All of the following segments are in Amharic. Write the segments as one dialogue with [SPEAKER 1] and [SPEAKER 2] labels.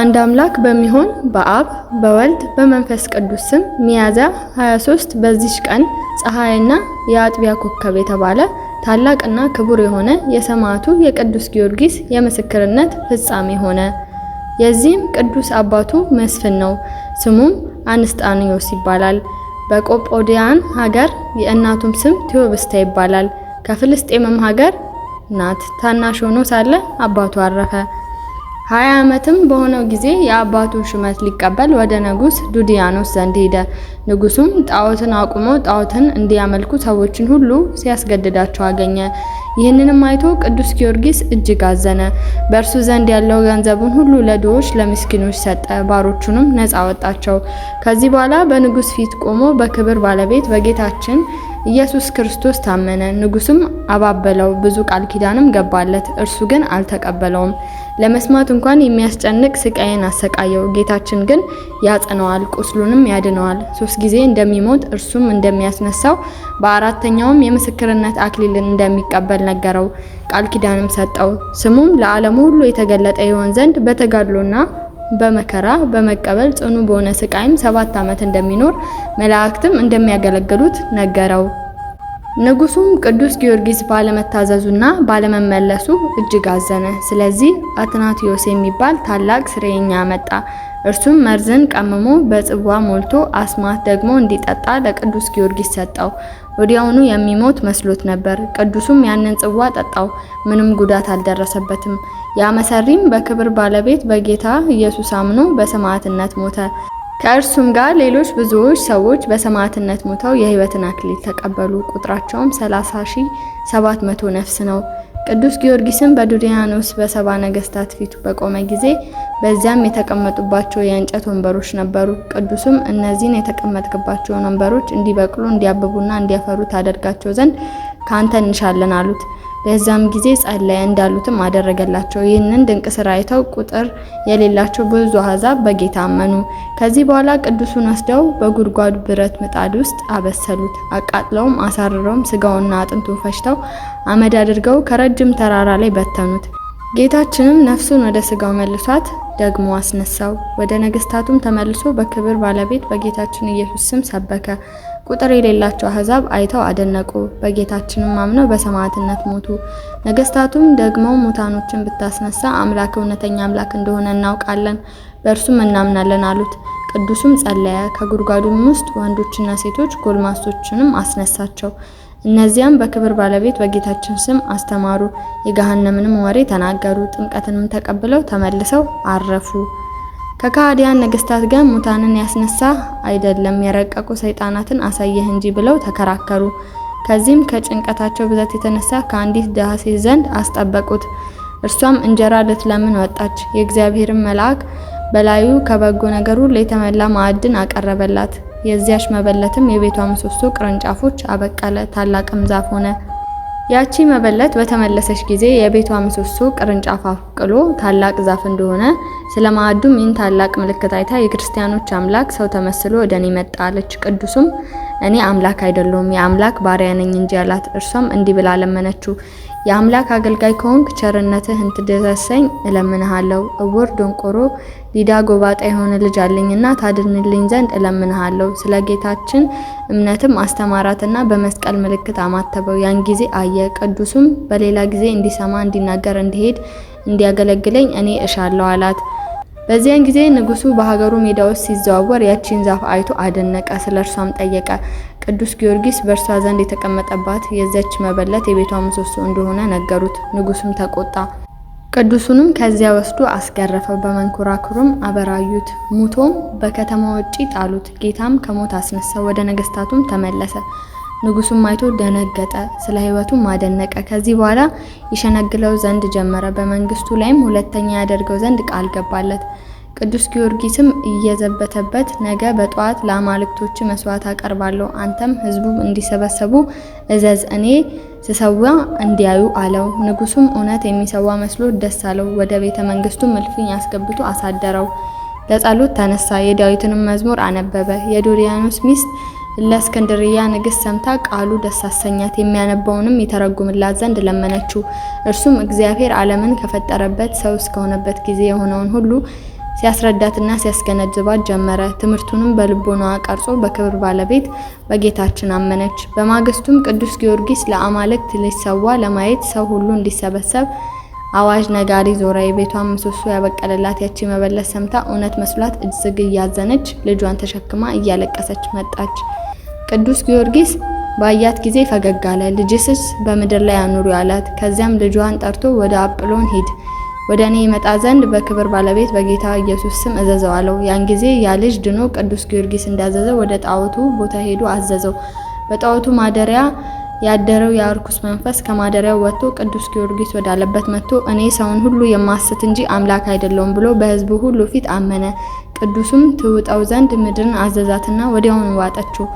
[SPEAKER 1] አንድ አምላክ በሚሆን በአብ በወልድ በመንፈስ ቅዱስ ስም ሚያዝያ 23 በዚች ቀን ፀሐይና የአጥቢያ ኮከብ የተባለ ታላቅና ክቡር የሆነ የሰማዕቱ የቅዱስ ጊዮርጊስ የምስክርነት ፍጻሜ ሆነ። የዚህም ቅዱስ አባቱ መስፍን ነው። ስሙም አንስጣኒዮስ ይባላል። በቆጶዲያን ሀገር የእናቱም ስም ቴዎብስታ ይባላል። ከፍልስጤምም ሀገር ናት። ታናሽ ሆኖ ሳለ አባቱ አረፈ። ሀያ ዓመትም በሆነው ጊዜ የአባቱን ሹመት ሊቀበል ወደ ንጉስ ዱዲያኖስ ዘንድ ሄደ። ንጉሱም ጣዖትን አቁሞ ጣዖትን እንዲያመልኩ ሰዎችን ሁሉ ሲያስገድዳቸው አገኘ። ይህንንም አይቶ ቅዱስ ጊዮርጊስ እጅግ አዘነ። በእርሱ ዘንድ ያለው ገንዘቡን ሁሉ ለድሆች፣ ለምስኪኖች ሰጠ። ባሮቹንም ነፃ ወጣቸው። ከዚህ በኋላ በንጉስ ፊት ቆሞ በክብር ባለቤት በጌታችን ኢየሱስ ክርስቶስ ታመነ፣ ንጉስም አባበለው፣ ብዙ ቃል ኪዳንም ገባለት። እርሱ ግን አልተቀበለውም። ለመስማት እንኳን የሚያስጨንቅ ስቃይን አሰቃየው። ጌታችን ግን ያጽነዋል ቁስሉንም ያድነዋል። ሶስት ጊዜ እንደሚሞት እርሱም እንደሚያስነሳው በአራተኛውም የምስክርነት አክሊልን እንደሚቀበል ነገረው፣ ቃል ኪዳንም ሰጠው። ስሙም ለዓለሙ ሁሉ የተገለጠ ይሆን ዘንድ በተጋድሎና በመከራ በመቀበል ጽኑ በሆነ ስቃይም ሰባት ዓመት እንደሚኖር መላእክትም እንደሚያገለግሉት ነገረው። ንጉሱም ቅዱስ ጊዮርጊስ ባለመታዘዙና ባለመመለሱ እጅግ አዘነ። ስለዚህ አትናትዮስ የሚባል ታላቅ ስርየኛ መጣ። እርሱም መርዝን ቀምሞ በጽዋ ሞልቶ አስማት ደግሞ እንዲጠጣ ለቅዱስ ጊዮርጊስ ሰጠው። ወዲያውኑ የሚሞት መስሎት ነበር። ቅዱሱም ያንን ጽዋ ጠጣው፣ ምንም ጉዳት አልደረሰበትም። ያ መሰሪም በክብር ባለቤት በጌታ ኢየሱስ አምኖ በሰማዕትነት ሞተ። ከእርሱም ጋር ሌሎች ብዙዎች ሰዎች በሰማዕትነት ሞተው የሕይወትን አክሊል ተቀበሉ። ቁጥራቸውም 30 700 ነፍስ ነው። ቅዱስ ጊዮርጊስም በዱሪያኖስ በሰባ ነገስታት ፊቱ በቆመ ጊዜ በዚያም የተቀመጡባቸው የእንጨት ወንበሮች ነበሩ። ቅዱስም እነዚህን የተቀመጥክባቸውን ወንበሮች እንዲበቅሉ እንዲያብቡና እንዲያፈሩ ታደርጋቸው ዘንድ ካንተ እንሻለን አሉት። በዛም ጊዜ ጸለየ፣ እንዳሉትም አደረገላቸው። ይህንን ድንቅ ስራ አይተው ቁጥር የሌላቸው ብዙ አሕዛብ በጌታ አመኑ። ከዚህ በኋላ ቅዱሱን ወስደው በጉድጓድ ብረት ምጣድ ውስጥ አበሰሉት። አቃጥለውም አሳርረውም ስጋውና አጥንቱን ፈጭተው አመድ አድርገው ከረጅም ተራራ ላይ በተኑት። ጌታችንም ነፍሱን ወደ ስጋው መልሷት ደግሞ አስነሳው። ወደ ነገስታቱም ተመልሶ በክብር ባለቤት በጌታችን ኢየሱስ ስም ሰበከ። ቁጥር የሌላቸው አሕዛብ አይተው አደነቁ። በጌታችንም አምነው በሰማዕትነት ሞቱ። ነገስታቱም ደግሞ ሙታኖችን ብታስነሳ አምላክ እውነተኛ አምላክ እንደሆነ እናውቃለን፣ በእርሱም እናምናለን አሉት። ቅዱሱም ጸለየ። ከጉድጓዱም ውስጥ ወንዶችና ሴቶች ጎልማሶችንም አስነሳቸው። እነዚያም በክብር ባለቤት በጌታችን ስም አስተማሩ፣ የገሃነምንም ወሬ ተናገሩ። ጥምቀትንም ተቀብለው ተመልሰው አረፉ። ከካህዲያን ነገስታት ጋር ሙታንን ያስነሳ አይደለም የረቀቁ ሰይጣናትን አሳየህ እንጂ ብለው ተከራከሩ። ከዚህም ከጭንቀታቸው ብዛት የተነሳ ከአንዲት ድሃ ሴት ዘንድ አስጠበቁት። እርሷም እንጀራ ልትለምን ወጣች። የእግዚአብሔርን መልአክ በላዩ ከበጎ ነገር ሁሉ የተሞላ ማዕድን አቀረበላት። የዚያች መበለትም የቤቷ ምሰሶ ቅርንጫፎች አበቀለ፣ ታላቅም ዛፍ ሆነ። ያቺ መበለት በተመለሰች ጊዜ የቤቷ ምሰሶ ቅርንጫፍ አፍቅሎ ታላቅ ዛፍ እንደሆነ፣ ስለ ማዕዱም ይህን ታላቅ ምልክት አይታ የክርስቲያኖች አምላክ ሰው ተመስሎ ወደ እኔ መጣ አለች። ቅዱሱም እኔ አምላክ አይደለሁም የአምላክ ባሪያ ነኝ እንጂ አላት። እርሷም እንዲህ ብላ ለመነችው፣ የአምላክ አገልጋይ ከሆንክ ቸርነትህ እንድትደርሰኝ እለምንሃለሁ። እውር፣ ደንቆሮ፣ ዲዳ፣ ጎባጣ የሆነ ልጅ አለኝና ታድንልኝ ዘንድ እለምንሃለሁ። ስለ ጌታችን እምነትም አስተማራትና በመስቀል ምልክት አማተበው። ያን ጊዜ አየ። ቅዱሱም በሌላ ጊዜ እንዲሰማ፣ እንዲናገር፣ እንዲሄድ፣ እንዲያገለግለኝ እኔ እሻለሁ አላት። በዚያን ጊዜ ንጉሱ በሀገሩ ሜዳ ውስጥ ሲዘዋወር ያቺን ዛፍ አይቶ አደነቀ፣ ስለ እርሷም ጠየቀ። ቅዱስ ጊዮርጊስ በእርሷ ዘንድ የተቀመጠባት የዘች መበለት የቤቷ ምሰሶ እንደሆነ ነገሩት። ንጉሱም ተቆጣ። ቅዱሱንም ከዚያ ወስዶ አስገረፈው። በመንኮራኩርም አበራዩት። ሙቶም በከተማ ውጪ ጣሉት። ጌታም ከሞት አስነሳ። ወደ ነገስታቱም ተመለሰ። ንጉሱም አይቶ ደነገጠ፣ ስለ ህይወቱ አደነቀ። ከዚህ በኋላ ይሸነግለው ዘንድ ጀመረ። በመንግስቱ ላይም ሁለተኛ ያደርገው ዘንድ ቃል ገባለት። ቅዱስ ጊዮርጊስም እየዘበተበት ነገ በጠዋት ለአማልክቶች መስዋዕት አቀርባለሁ፣ አንተም ህዝቡ እንዲሰበሰቡ እዘዝ፣ እኔ ስሰዋ እንዲያዩ አለው። ንጉሱም እውነት የሚሰዋ መስሎ ደስ አለው። ወደ ቤተ መንግስቱ እልፍኝ አስገብቶ አሳደረው። ለጸሎት ተነሳ። የዳዊትንም መዝሙር አነበበ። የዶሪያኖስ ሚስት ለእስክንድርያ ንግስት ሰምታ ቃሉ ደስ አሰኛት፣ የሚያነባውንም ይተረጉምላት ዘንድ ለመነችው። እርሱም እግዚአብሔር ዓለምን ከፈጠረበት ሰው እስከሆነበት ጊዜ የሆነውን ሁሉ ሲያስረዳትና ሲያስገነዝባት ጀመረ። ትምህርቱንም በልቦናዋ ቀርጾ በክብር ባለቤት በጌታችን አመነች። በማግስቱም ቅዱስ ጊዮርጊስ ለአማልክት ሊሰዋ ለማየት ሰው ሁሉ እንዲሰበሰብ አዋጅ ነጋሪ ዞራ የቤቷን ምሰሶ ያበቀለላት ያቺ መበለት ሰምታ እውነት መስሏት እጅግ እያዘነች ልጇን ተሸክማ እያለቀሰች መጣች። ቅዱስ ጊዮርጊስ ባያት ጊዜ ፈገግ አለ። ልጅስስ በምድር ላይ አኑሩ አላት። ከዚያም ልጇን ጠርቶ ወደ አጵሎን ሂድ፣ ወደ እኔ ይመጣ ዘንድ በክብር ባለቤት በጌታ ኢየሱስ ስም እዘዘው አለው። ያን ጊዜ ያ ልጅ ድኖ ቅዱስ ጊዮርጊስ እንዳዘዘው ወደ ጣዖቱ ቦታ ሄዶ አዘዘው። በጣዖቱ ማደሪያ ያደረው የአርኩስ መንፈስ ከማደሪያው ወጥቶ ቅዱስ ጊዮርጊስ ወዳለበት መጥቶ እኔ ሰውን ሁሉ የማስት እንጂ አምላክ አይደለውም ብሎ በሕዝቡ ሁሉ ፊት አመነ። ቅዱሱም ትውጠው ዘንድ ምድርን አዘዛትና ወዲያውን ዋጠችው።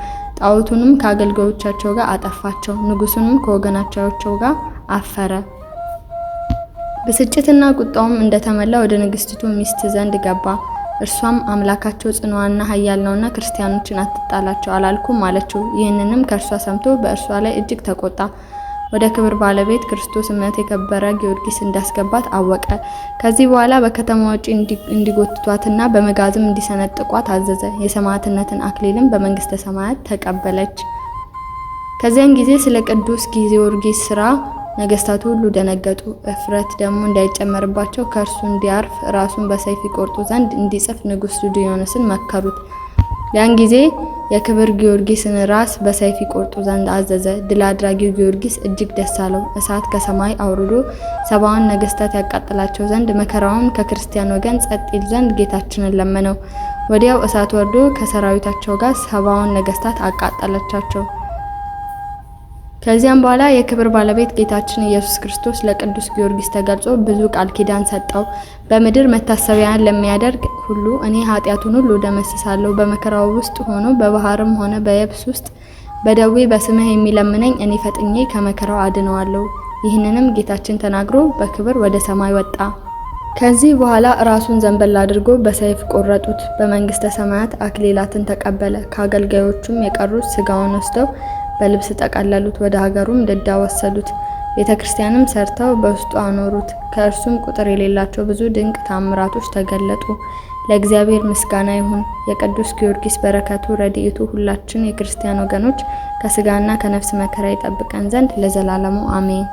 [SPEAKER 1] ጣዖቱንም ከአገልጋዮቻቸው ጋር አጠፋቸው። ንጉሱንም ከወገናቻቸው ጋር አፈረ። ብስጭትና ቁጣውም እንደተመላ ወደ ንግስቲቱ ሚስት ዘንድ ገባ። እርሷም አምላካቸው ጽኑዋና ኃያል ነውና ክርስቲያኖችን አትጣላቸው አላልኩም አለችው። ይህንንም ከእርሷ ሰምቶ በእርሷ ላይ እጅግ ተቆጣ። ወደ ክብር ባለቤት ክርስቶስ እምነት የከበረ ጊዮርጊስ እንዳስገባት አወቀ። ከዚህ በኋላ በከተማ ውጪ እንዲጎትቷትና በመጋዝም እንዲሰነጥቋት አዘዘ። የሰማዕትነትን አክሊልም በመንግስተ ሰማያት ተቀበለች። ከዚያን ጊዜ ስለ ቅዱስ ጊዮርጊስ ስራ ነገስታት ሁሉ ደነገጡ። እፍረት ደግሞ እንዳይጨመርባቸው ከእርሱ እንዲያርፍ ራሱን በሰይፍ ይቆርጡ ዘንድ እንዲጽፍ ንጉስ ዲዮንስን መከሩት። ያን ጊዜ የክብር ጊዮርጊስን ራስ በሰይፍ ይቆርጡ ዘንድ አዘዘ። ድል አድራጊው ጊዮርጊስ እጅግ ደስ አለው። እሳት ከሰማይ አውርዶ ሰባውን ነገስታት ያቃጥላቸው ዘንድ መከራውን ከክርስቲያን ወገን ጸጥ ይል ዘንድ ጌታችንን ለመነው። ወዲያው እሳት ወርዶ ከሰራዊታቸው ጋር ሰባውን ነገስታት አቃጠለቻቸው። ከዚያም በኋላ የክብር ባለቤት ጌታችን ኢየሱስ ክርስቶስ ለቅዱስ ጊዮርጊስ ተገልጾ ብዙ ቃል ኪዳን ሰጠው። በምድር መታሰቢያን ለሚያደርግ ሁሉ እኔ ኃጢአቱን ሁሉ ደመስሳለሁ። በመከራው ውስጥ ሆኖ በባህርም ሆነ በየብስ ውስጥ በደዌ በስምህ የሚለምነኝ እኔ ፈጥኜ ከመከራው አድነዋለሁ። ይህንንም ጌታችን ተናግሮ በክብር ወደ ሰማይ ወጣ። ከዚህ በኋላ ራሱን ዘንበል አድርጎ በሰይፍ ቆረጡት። በመንግስተ ሰማያት አክሊላትን ተቀበለ። ከአገልጋዮቹም የቀሩት ስጋውን ወስደው በልብስ ጠቀለሉት፣ ወደ ሀገሩም ድዳ ወሰዱት። ቤተ ክርስቲያንም ሰርተው በውስጡ አኖሩት። ከእርሱም ቁጥር የሌላቸው ብዙ ድንቅ ታምራቶች ተገለጡ። ለእግዚአብሔር ምስጋና ይሁን። የቅዱስ ጊዮርጊስ በረከቱ ረድኤቱ ሁላችን የክርስቲያን ወገኖች ከስጋና ከነፍስ መከራ ይጠብቀን ዘንድ ለዘላለሙ አሜን።